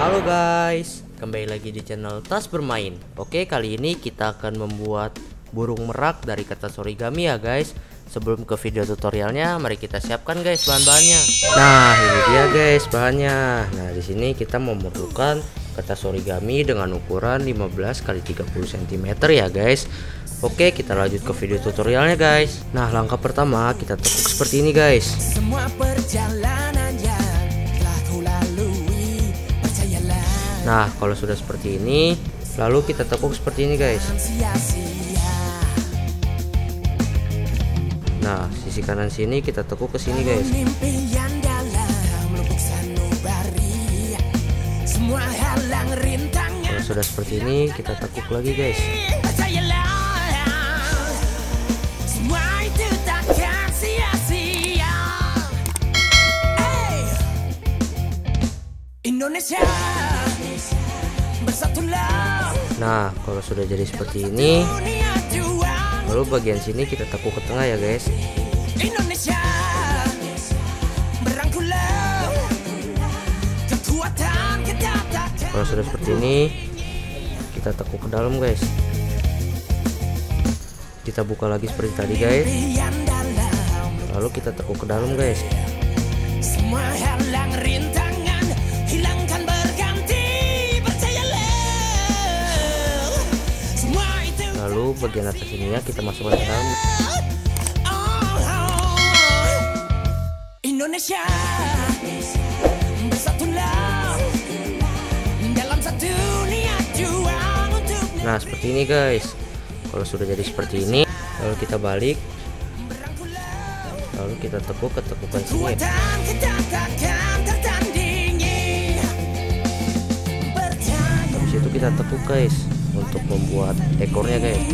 Halo guys, kembali lagi di channel Tas Bermain Oke, kali ini kita akan membuat burung merak dari kertas origami ya guys Sebelum ke video tutorialnya, mari kita siapkan guys bahan-bahannya Nah, ini dia guys bahannya Nah, di sini kita memerlukan kertas origami dengan ukuran 15 x 30 cm ya guys Oke, kita lanjut ke video tutorialnya guys Nah, langkah pertama kita tekuk seperti ini guys Semua perjalanan nah kalau sudah seperti ini lalu kita tekuk seperti ini guys nah sisi kanan sini kita tekuk ke sini guys kalau sudah seperti ini kita tekuk lagi guys Indonesia nah kalau sudah jadi seperti ini lalu bagian sini kita tekuk ke tengah ya guys kalau sudah seperti ini kita tekuk ke dalam guys kita buka lagi seperti tadi guys lalu kita tekuk ke dalam guys semua lalu bagian atas ini ya kita masukkan ke dalam Indonesia nah seperti ini guys kalau sudah jadi seperti ini lalu kita balik lalu kita tekuk ke tepukan sini habis itu kita tekuk guys untuk membuat ekornya guys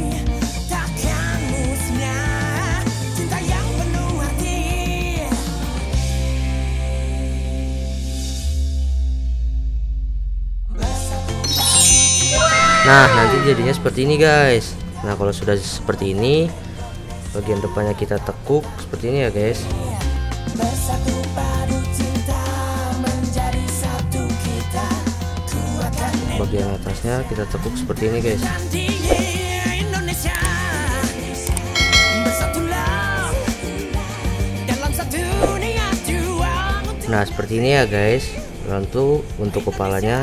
Nah nanti jadinya seperti ini guys Nah kalau sudah seperti ini Bagian depannya kita tekuk Seperti ini ya guys bagian atasnya kita tekuk seperti ini guys nah seperti ini ya guys lalu untuk kepalanya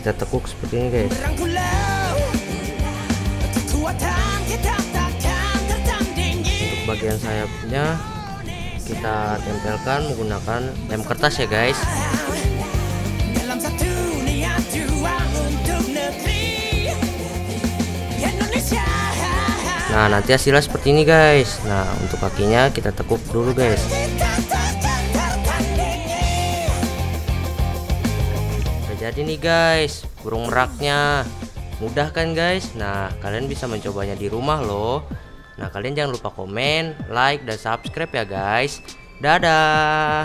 kita tekuk seperti ini guys untuk bagian sayapnya kita tempelkan menggunakan lem kertas ya guys nah nanti hasilnya seperti ini guys nah untuk kakinya kita tekuk dulu guys udah jadi nih guys burung meraknya mudah kan guys nah kalian bisa mencobanya di rumah loh nah kalian jangan lupa komen like dan subscribe ya guys dadah